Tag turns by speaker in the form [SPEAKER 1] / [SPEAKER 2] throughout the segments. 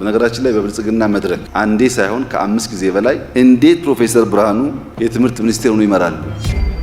[SPEAKER 1] በነገራችን ላይ በብልጽግና መድረክ አንዴ ሳይሆን ከአምስት ጊዜ በላይ እንዴት ፕሮፌሰር ብርሃኑ የትምህርት ሚኒስቴሩን ይመራሉ?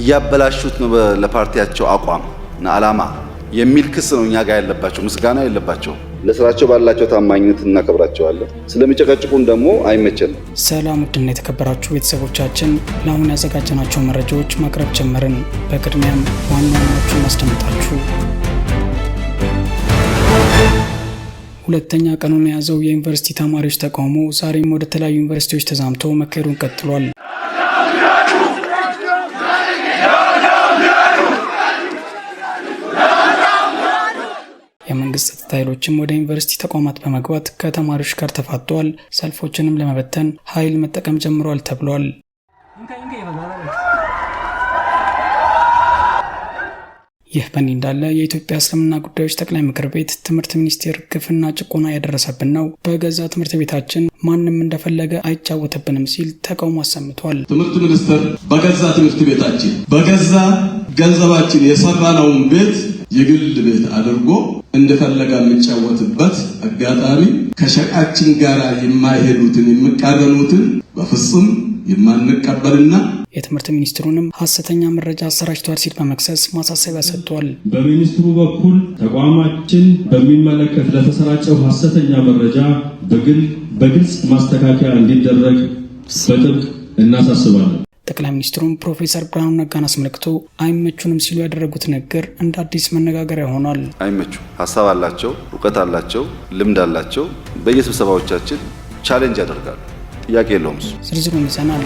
[SPEAKER 1] እያበላሹት ነው ለፓርቲያቸው አቋም እና አላማ የሚል ክስ ነው እኛ ጋር ያለባቸው። ምስጋና የለባቸው።
[SPEAKER 2] ለስራቸው ባላቸው ታማኝነት እናከብራቸዋለን። ስለሚጨቀጭቁን ደግሞ አይመቸንም።
[SPEAKER 3] ሰላም ውድና የተከበራችሁ ቤተሰቦቻችን፣ ለአሁን ያዘጋጀናቸው መረጃዎች ማቅረብ ጀመርን። በቅድሚያም ዋና ዋናዎቹን ሁለተኛ ቀኑን የያዘው የዩኒቨርሲቲ ተማሪዎች ተቃውሞ ዛሬም ወደ ተለያዩ ዩኒቨርሲቲዎች ተዛምቶ መካሄዱን ቀጥሏል። የመንግስት ጸጥታ ኃይሎችም ወደ ዩኒቨርሲቲ ተቋማት በመግባት ከተማሪዎች ጋር ተፋጠዋል። ሰልፎችንም ለመበተን ኃይል መጠቀም ጀምረዋል ተብሏል። ይህ በእንዲህ እንዳለ የኢትዮጵያ እስልምና ጉዳዮች ጠቅላይ ምክር ቤት ትምህርት ሚኒስቴር ግፍና ጭቆና ያደረሰብን ነው፣ በገዛ ትምህርት ቤታችን ማንም እንደፈለገ አይጫወትብንም ሲል ተቃውሞ አሰምቷል።
[SPEAKER 4] ትምህርት ሚኒስቴር በገዛ ትምህርት ቤታችን በገዛ ገንዘባችን የሰራነውን ቤት የግል ቤት አድርጎ እንደፈለገ የሚጫወትበት አጋጣሚ ከሸቃችን ጋር የማይሄዱትን የሚቃረኑትን በፍጹም የማንቀበልና
[SPEAKER 3] የትምህርት ሚኒስትሩንም ሀሰተኛ መረጃ አሰራጭቷል ሲል በመክሰስ ማሳሰቢያ ሰጥቷል።
[SPEAKER 5] በሚኒስትሩ በኩል ተቋማችን በሚመለከት ለተሰራጨው ሀሰተኛ መረጃ በግልጽ ማስተካከያ እንዲደረግ በጥብቅ እናሳስባለን።
[SPEAKER 3] ጠቅላይ ሚኒስትሩም ፕሮፌሰር ብርሃኑ ነጋን አስመልክቶ አይመቹንም ሲሉ ያደረጉት ንግግር እንደ አዲስ መነጋገሪያ ሆኗል።
[SPEAKER 6] አይመቹ ሀሳብ አላቸው፣ እውቀት አላቸው፣ ልምድ አላቸው። በየስብሰባዎቻችን ቻሌንጅ ያደርጋሉ። ጥያቄ የለውም።
[SPEAKER 3] ዝርዝሩን ይዘናል።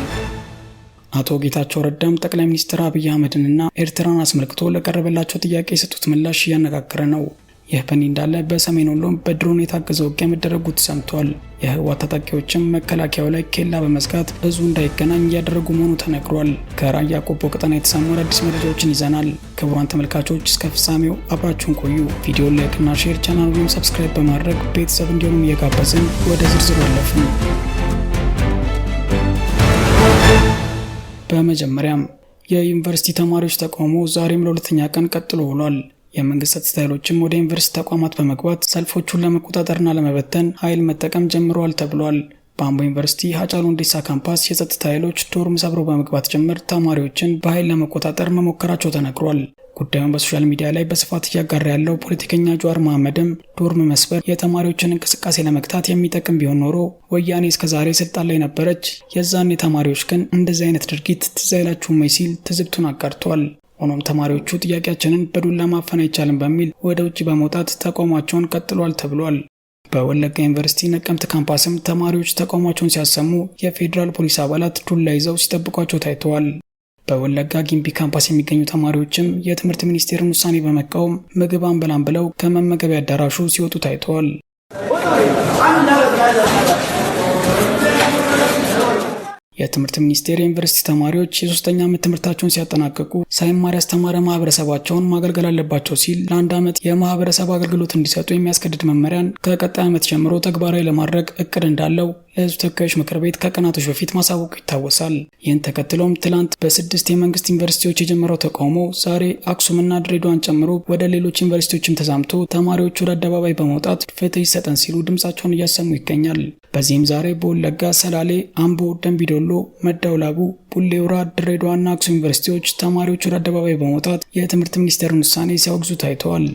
[SPEAKER 3] አቶ ጌታቸው ረዳም ጠቅላይ ሚኒስትር አብይ አህመድንና ኤርትራን አስመልክቶ ለቀረበላቸው ጥያቄ የሰጡት ምላሽ እያነጋገረ ነው። ይህ በእንዲህ እንዳለ በሰሜን ወሎም በድሮን የታገዘ ውጊያ መደረጉ ሰምቷል። የህወሓት ታጣቂዎችም መከላከያው ላይ ኬላ በመዝጋት ብዙ እንዳይገናኝ እያደረጉ መሆኑ ተነግሯል። ከራያ ቆቦ ቀጠና የተሰሙ አዳዲስ መረጃዎችን ይዘናል። ክቡራን ተመልካቾች እስከ ፍጻሜው አብራችሁን ቆዩ። ቪዲዮ ላይክና ሼር፣ ቻናሉንም ሰብስክራይብ በማድረግ ቤተሰብ እንዲሆኑም እየጋበዝን ወደ ዝርዝሩ አለፍን። በመጀመሪያም የዩኒቨርሲቲ ተማሪዎች ተቃውሞ ዛሬም ለሁለተኛ ቀን ቀጥሎ ውሏል። የመንግስት ጸጥታ ኃይሎችም ወደ ዩኒቨርሲቲ ተቋማት በመግባት ሰልፎቹን ለመቆጣጠርና ለመበተን ኃይል መጠቀም ጀምረዋል ተብሏል። በአምቦ ዩኒቨርሲቲ ሀጫሉ ሁንዴሳ ካምፓስ የጸጥታ ኃይሎች ዶርም ሰብረው በመግባት ጭምር ተማሪዎችን በኃይል ለመቆጣጠር መሞከራቸው ተነግሯል። ጉዳዩን በሶሻል ሚዲያ ላይ በስፋት እያጋራ ያለው ፖለቲከኛ ጀዋር መሐመድም ዶርም መስበር የተማሪዎችን እንቅስቃሴ ለመግታት የሚጠቅም ቢሆን ኖሮ ወያኔ እስከዛሬ ስልጣን ላይ ነበረች፣ የዛኔ ተማሪዎች ግን እንደዚህ አይነት ድርጊት ትዝ አይላችሁም ወይ ሲል ትዝብቱን አጋርቷል። ሆኖም ተማሪዎቹ ጥያቄያችንን በዱላ ማፈን አይቻልም በሚል ወደ ውጭ በመውጣት ተቋማቸውን ቀጥሏል ተብሏል። በወለጋ ዩኒቨርሲቲ ነቀምት ካምፓስም ተማሪዎች ተቃውሟቸውን ሲያሰሙ የፌዴራል ፖሊስ አባላት ዱላ ይዘው ሲጠብቋቸው ታይተዋል። በወለጋ ጊምቢ ካምፓስ የሚገኙ ተማሪዎችም የትምህርት ሚኒስቴርን ውሳኔ በመቃወም ምግብ አንበላም ብለው ከመመገቢያ አዳራሹ ሲወጡ ታይተዋል። የትምህርት ሚኒስቴር የዩኒቨርሲቲ ተማሪዎች የሶስተኛ ዓመት ትምህርታቸውን ሲያጠናቀቁ ሳይማር ያስተማረ ማህበረሰባቸውን ማገልገል አለባቸው ሲል ለአንድ ዓመት የማህበረሰብ አገልግሎት እንዲሰጡ የሚያስገድድ መመሪያን ከቀጣይ ዓመት ጀምሮ ተግባራዊ ለማድረግ እቅድ እንዳለው ለህዝብ ተወካዮች ምክር ቤት ከቀናቶች በፊት ማሳወቁ ይታወሳል። ይህን ተከትሎም ትላንት በስድስት የመንግስት ዩኒቨርሲቲዎች የጀመረው ተቃውሞ ዛሬ አክሱምና ድሬዳዋን ጨምሮ ወደ ሌሎች ዩኒቨርሲቲዎችም ተዛምቶ ተማሪዎች ወደ አደባባይ በመውጣት ፍትህ ይሰጠን ሲሉ ድምፃቸውን እያሰሙ ይገኛል። በዚህም ዛሬ በወለጋ ሰላሌ፣ አምቦ፣ ደንቢዶሎ፣ መዳውላቡ፣ ቡሌውራ ድሬዳዋና አክሱም ዩኒቨርሲቲዎች ተማሪዎች ወደ አደባባይ በመውጣት የትምህርት ሚኒስቴርን ውሳኔ ሲያወግዙ ታይተዋል።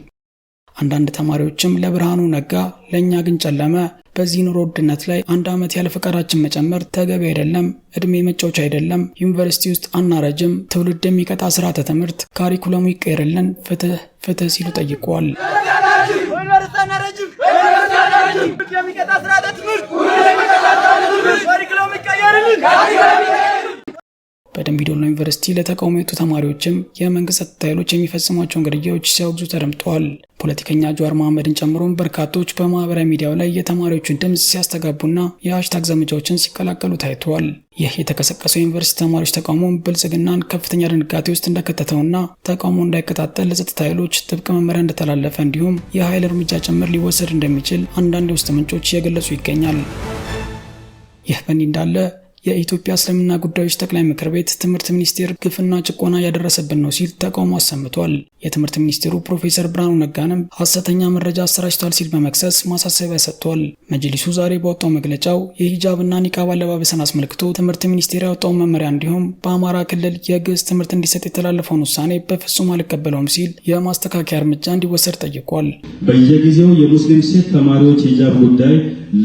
[SPEAKER 3] አንዳንድ ተማሪዎችም ለብርሃኑ ነጋ ለእኛ ግን ጨለመ፣ በዚህ ኑሮ ውድነት ላይ አንድ ዓመት ያለ ፈቃዳችን መጨመር ተገቢ አይደለም። እድሜ መጫወቻ አይደለም። ዩኒቨርሲቲ ውስጥ አናረጅም። ትውልድ የሚቀጣ ስርዓተ ትምህርት ካሪኩለሙ ይቀየርልን። ፍትህ ፍትህ ሲሉ ጠይቀዋል። በደምቢዶሎ ዩኒቨርሲቲ ለተቃውሞ የወጡ ተማሪዎችም የመንግስት ጸጥታ ኃይሎች የሚፈጽሟቸውን ግድያዎች ሲያወግዙ ተደምጠዋል። ፖለቲከኛ ጀዋር መሐመድን ጨምሮ በርካቶች በማህበራዊ ሚዲያው ላይ የተማሪዎቹን ድምፅ ሲያስተጋቡና የሀሽታግ ዘመቻዎችን ሲቀላቀሉ ታይተዋል። ይህ የተቀሰቀሰው ዩኒቨርሲቲ ተማሪዎች ተቃውሞ ብልጽግናን ከፍተኛ ድንጋጤ ውስጥ እንደከተተውና ተቃውሞ እንዳይቀጣጠል ለጸጥታ ኃይሎች ጥብቅ መመሪያ እንደተላለፈ እንዲሁም የኃይል እርምጃ ጭምር ሊወሰድ እንደሚችል አንዳንድ የውስጥ ምንጮች እየገለጹ ይገኛል። ይህ በእንዲህ እንዳለ የኢትዮጵያ እስልምና ጉዳዮች ጠቅላይ ምክር ቤት ትምህርት ሚኒስቴር ግፍና ጭቆና እያደረሰብን ነው ሲል ተቃውሞ አሰምቷል። የትምህርት ሚኒስቴሩ ፕሮፌሰር ብርሃኑ ነጋንም ሀሰተኛ መረጃ አሰራጭቷል ሲል በመክሰስ ማሳሰቢያ ሰጥቷል። መጅሊሱ ዛሬ ባወጣው መግለጫው የሂጃብና ኒቃብ አለባበስን አስመልክቶ ትምህርት ሚኒስቴር ያወጣውን መመሪያ እንዲሁም በአማራ ክልል የግዕዝ ትምህርት እንዲሰጥ የተላለፈውን ውሳኔ በፍጹም አልቀበለውም ሲል የማስተካከያ እርምጃ እንዲወሰድ ጠይቋል።
[SPEAKER 5] በየጊዜው የሙስሊም ሴት ተማሪዎች ሂጃብ ጉዳይ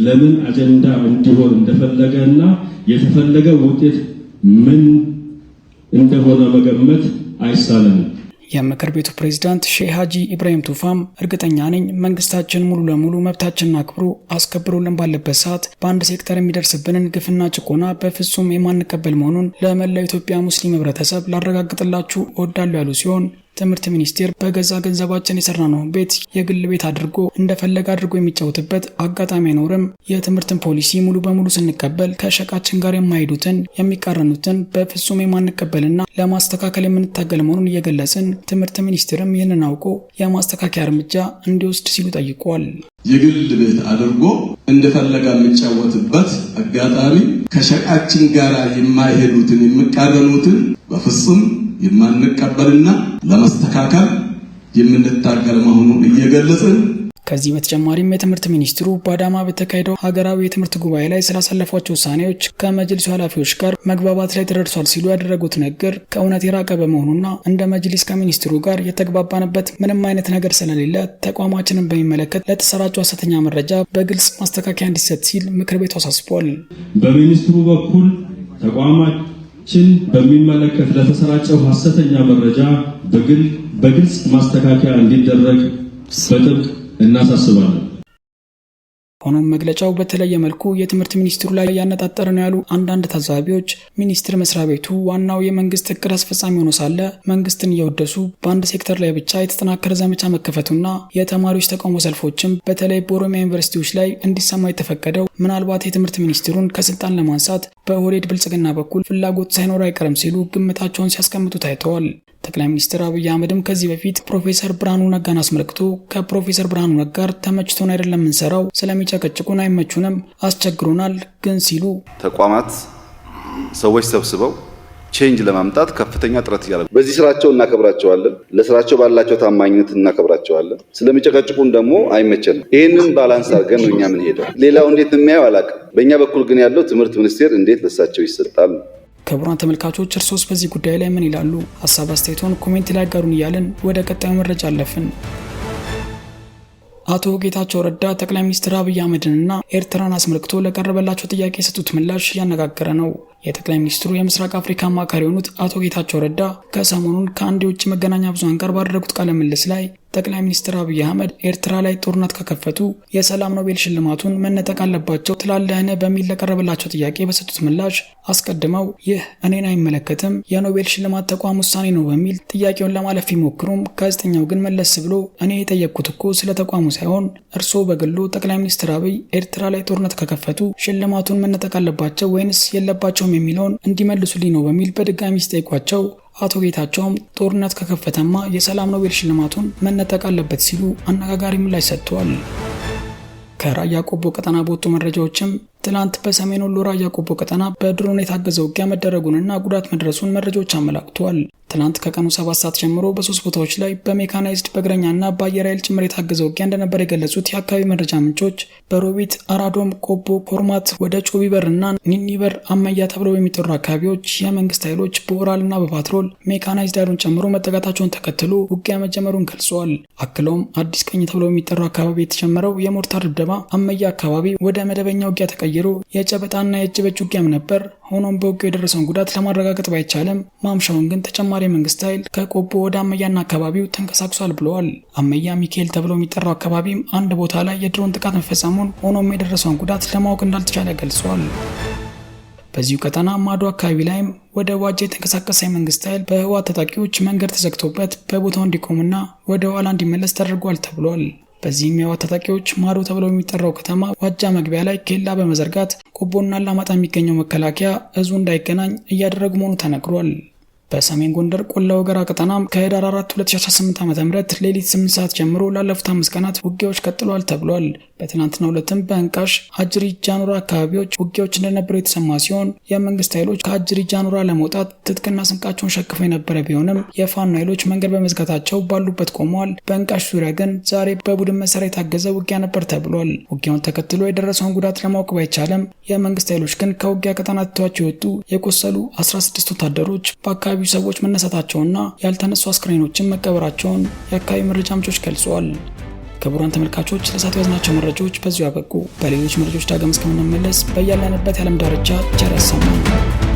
[SPEAKER 5] ለምን አጀንዳ እንዲሆን እንደፈለገ እና የተፈለገ ውጤት ምን እንደሆነ መገመት አይሳለንም።
[SPEAKER 3] የምክር ቤቱ ፕሬዝዳንት ሼህ ሀጂ ኢብራሂም ቱፋም እርግጠኛ ነኝ መንግስታችን ሙሉ ለሙሉ መብታችንን አክብሮ አስከብሮልን ባለበት ሰዓት በአንድ ሴክተር የሚደርስብንን ግፍና ጭቆና በፍጹም የማንቀበል መሆኑን ለመላው ኢትዮጵያ ሙስሊም ህብረተሰብ ላረጋግጥላችሁ እወዳለሁ ያሉ ሲሆን ትምህርት ሚኒስቴር በገዛ ገንዘባችን ነው ቤት የግል ቤት አድርጎ እንደፈለገ አድርጎ የሚጫወትበት አጋጣሚ አይኖርም። የትምህርትን ፖሊሲ ሙሉ በሙሉ ስንቀበል ከሸቃችን ጋር የማይሄዱትን የሚቃረኑትን በፍጹም የማንቀበልና ለማስተካከል የምንታገል መሆኑን እየገለጽን ትምህርት ሚኒስቴርም ይህንን አውቆ የማስተካከያ እርምጃ እንዲወስድ ሲሉ ጠይቋል።
[SPEAKER 4] የግል ቤት አድርጎ እንደፈለገ የሚጫወትበት አጋጣሚ ከሸቃችን ጋር የማይሄዱትን የሚቃረኑትን በፍጹም የማንቀበልና ለመስተካከል የምንታገል መሆኑን እየገለጽን
[SPEAKER 3] ከዚህ በተጨማሪም የትምህርት ሚኒስትሩ በአዳማ በተካሄደው ሀገራዊ የትምህርት ጉባኤ ላይ ስላሳለፏቸው ውሳኔዎች ከመጅሊሱ ኃላፊዎች ጋር መግባባት ላይ ተደርሷል ሲሉ ያደረጉት ንግግር ከእውነት የራቀ በመሆኑና እንደ መጅሊስ ከሚኒስትሩ ጋር የተግባባንበት ምንም አይነት ነገር ስለሌለ ተቋማችንን በሚመለከት ለተሰራጩ ሐሰተኛ መረጃ በግልጽ ማስተካከያ እንዲሰጥ ሲል ምክር ቤቱ አሳስቧል።
[SPEAKER 5] በሚኒስትሩ በኩል ተቋማት ችን በሚመለከት ለተሰራጨው ሐሰተኛ መረጃ በግልጽ ማስተካከያ እንዲደረግ በጥብቅ እናሳስባለን።
[SPEAKER 3] ሆኖም መግለጫው በተለየ መልኩ የትምህርት ሚኒስትሩ ላይ ያነጣጠረ ነው ያሉ አንዳንድ ታዛቢዎች ሚኒስቴር መስሪያ ቤቱ ዋናው የመንግስት እቅድ አስፈጻሚ ሆኖ ሳለ መንግስትን እየወደሱ በአንድ ሴክተር ላይ ብቻ የተጠናከረ ዘመቻ መከፈቱና የተማሪዎች ተቃውሞ ሰልፎችም በተለይ በኦሮሚያ ዩኒቨርሲቲዎች ላይ እንዲሰማ የተፈቀደው ምናልባት የትምህርት ሚኒስትሩን ከስልጣን ለማንሳት በኦህዴድ ብልጽግና በኩል ፍላጎት ሳይኖር አይቀርም ሲሉ ግምታቸውን ሲያስቀምጡ ታይተዋል። ጠቅላይ ሚኒስትር አብይ አህመድም ከዚህ በፊት ፕሮፌሰር ብርሃኑ ነጋን አስመልክቶ ከፕሮፌሰር ብርሃኑ ነጋር ተመችቶን አይደለም የምንሰራው፣ ስለሚጨቀጭቁን አይመቹንም፣ አስቸግሮናል ግን ሲሉ
[SPEAKER 6] ተቋማት ሰዎች ሰብስበው ቼንጅ ለማምጣት ከፍተኛ ጥረት እያለ
[SPEAKER 2] በዚህ ስራቸው እናከብራቸዋለን። ለስራቸው ባላቸው ታማኝነት እናከብራቸዋለን። ስለሚጨቀጭቁን ደግሞ አይመቸንም። ይህንን ባላንስ አድርገን ነው እኛ ምን ሄደው ሌላው እንዴት የሚያየው አላውቅም። በእኛ በኩል ግን ያለው ትምህርት ሚኒስቴር እንዴት ለሳቸው ይሰጣል
[SPEAKER 3] ክቡራን ተመልካቾች እርሶስ በዚህ ጉዳይ ላይ ምን ይላሉ? ሀሳብ አስተያየቶን ኮሜንት ላይ ጋሩን እያልን ወደ ቀጣዩ መረጃ አለፍን። አቶ ጌታቸው ረዳ ጠቅላይ ሚኒስትር አብይ አህመድንና ኤርትራን አስመልክቶ ለቀረበላቸው ጥያቄ የሰጡት ምላሽ እያነጋገረ ነው። የጠቅላይ ሚኒስትሩ የምስራቅ አፍሪካ አማካሪ የሆኑት አቶ ጌታቸው ረዳ ከሰሞኑን ከአንድ የውጭ መገናኛ ብዙሃን ጋር ባደረጉት ቃለ ምልልስ ላይ ጠቅላይ ሚኒስትር አብይ አህመድ ኤርትራ ላይ ጦርነት ከከፈቱ የሰላም ኖቤል ሽልማቱን መነጠቅ አለባቸው ትላለህን በሚል ለቀረበላቸው ጥያቄ በሰጡት ምላሽ አስቀድመው ይህ እኔን አይመለከትም የኖቤል ሽልማት ተቋም ውሳኔ ነው በሚል ጥያቄውን ለማለፍ ቢሞክሩም ጋዜጠኛው ግን መለስ ብሎ እኔ የጠየቅኩት እኮ ስለ ተቋሙ ሳይሆን እርስዎ በግሉ ጠቅላይ ሚኒስትር አብይ ኤርትራ ላይ ጦርነት ከከፈቱ ሽልማቱን መነጠቅ አለባቸው ወይንስ የለባቸውም የሚለውን እንዲመልሱልኝ ነው በሚል በድጋሚ ሲጠይቋቸው አቶ ጌታቸውም ጦርነት ከከፈተማ የሰላም ኖቤል ሽልማቱን መነጠቅ አለበት ሲሉ አነጋጋሪ ምላሽ ሰጥተዋል። ከራያ ቆቦ ቀጠና በወጡ መረጃዎችም ትላንት በሰሜን ወሎ ራያ ቆቦ ቀጠና በድሮን የታገዘ ውጊያ መደረጉንና ጉዳት መድረሱን መረጃዎች አመላክተዋል። ትናንት ከቀኑ ሰባት ሰዓት ጀምሮ በሶስት ቦታዎች ላይ በሜካናይዝድ በእግረኛና በአየር ኃይል ጭምር የታገዘ ውጊያ እንደነበር የገለጹት የአካባቢ መረጃ ምንጮች በሮቢት፣ አራዶም፣ ቆቦ፣ ኮርማት ወደ ጮቢበር እና ኒኒበር አመያ ተብለው የሚጠሩ አካባቢዎች የመንግስት ኃይሎች በኦራልና በፓትሮል ሜካናይዝድ ኃይሉን ጨምሮ መጠቃታቸውን ተከትሎ ውጊያ መጀመሩን ገልጸዋል። አክለውም አዲስ ቀኝ ተብለው የሚጠሩ አካባቢ የተጀመረው የሞርታር ድብደባ አመያ አካባቢ ወደ መደበኛ ውጊያ ተቀይሮ የጨበጣና የእጅ በእጅ ውጊያም ነበር። ሆኖም በውጊያው የደረሰውን ጉዳት ለማረጋገጥ ባይቻልም ማምሻውን ግን ተጨማሪ መንግስት ኃይል ከቆቦ ወደ አመያና አካባቢው ተንቀሳቅሷል ብለዋል። አመያ ሚካኤል ተብሎ የሚጠራው አካባቢም አንድ ቦታ ላይ የድሮን ጥቃት መፈጸሙን ሆኖም የደረሰውን ጉዳት ለማወቅ እንዳልተቻለ ገልጿል። በዚሁ ቀጠና ማዶ አካባቢ ላይም ወደ ዋጅ የተንቀሳቀሰ የመንግስት ኃይል በህወሓት ታጣቂዎች መንገድ ተዘግቶበት በቦታው እንዲቆምና ወደ ኋላ እንዲመለስ ተደርጓል ተብሏል። በዚህም የህወሓት ታጣቂዎች ማዶ ተብለው የሚጠራው ከተማ ዋጃ መግቢያ ላይ ኬላ በመዘርጋት ቆቦና አላማጣ የሚገኘው መከላከያ እዙ እንዳይገናኝ እያደረጉ መሆኑ ተነግሯል። በሰሜን ጎንደር ቆላ ወገራ ቀጠና ከህዳር 4 2018 ዓ ም ሌሊት 8 ሰዓት ጀምሮ ላለፉት አምስት ቀናት ውጊያዎች ቀጥሏል ተብሏል። በትናንትናው ዕለትም በእንቃሽ አጅሪ ጃኑራ አካባቢዎች ውጊያዎች እንደነበሩ የተሰማ ሲሆን የመንግስት ኃይሎች ከአጅሪ ጃኑራ ለመውጣት ትጥቅና ስንቃቸውን ሸክፈው የነበረ ቢሆንም የፋኖ ኃይሎች መንገድ በመዝጋታቸው ባሉበት ቆመዋል። በእንቃሽ ዙሪያ ግን ዛሬ በቡድን መሳሪያ የታገዘ ውጊያ ነበር ተብሏል። ውጊያውን ተከትሎ የደረሰውን ጉዳት ለማወቅ ባይቻለም የመንግስት ኃይሎች ግን ከውጊያ ቀጠና ትቷቸው የወጡ የቆሰሉ 16 ወታደሮች በአካባቢ የአካባቢው ሰዎች መነሳታቸውና ያልተነሱ አስክሬኖችን መቀበራቸውን የአካባቢው መረጃ ምንጮች ገልጸዋል። ክቡራን ተመልካቾች ለሳት ያዝናቸው መረጃዎች በዚሁ ያበቁ። በሌሎች መረጃዎች ዳግም እስከምንመለስ በያለንበት የዓለም ዳርቻ ቸር ያሰማን።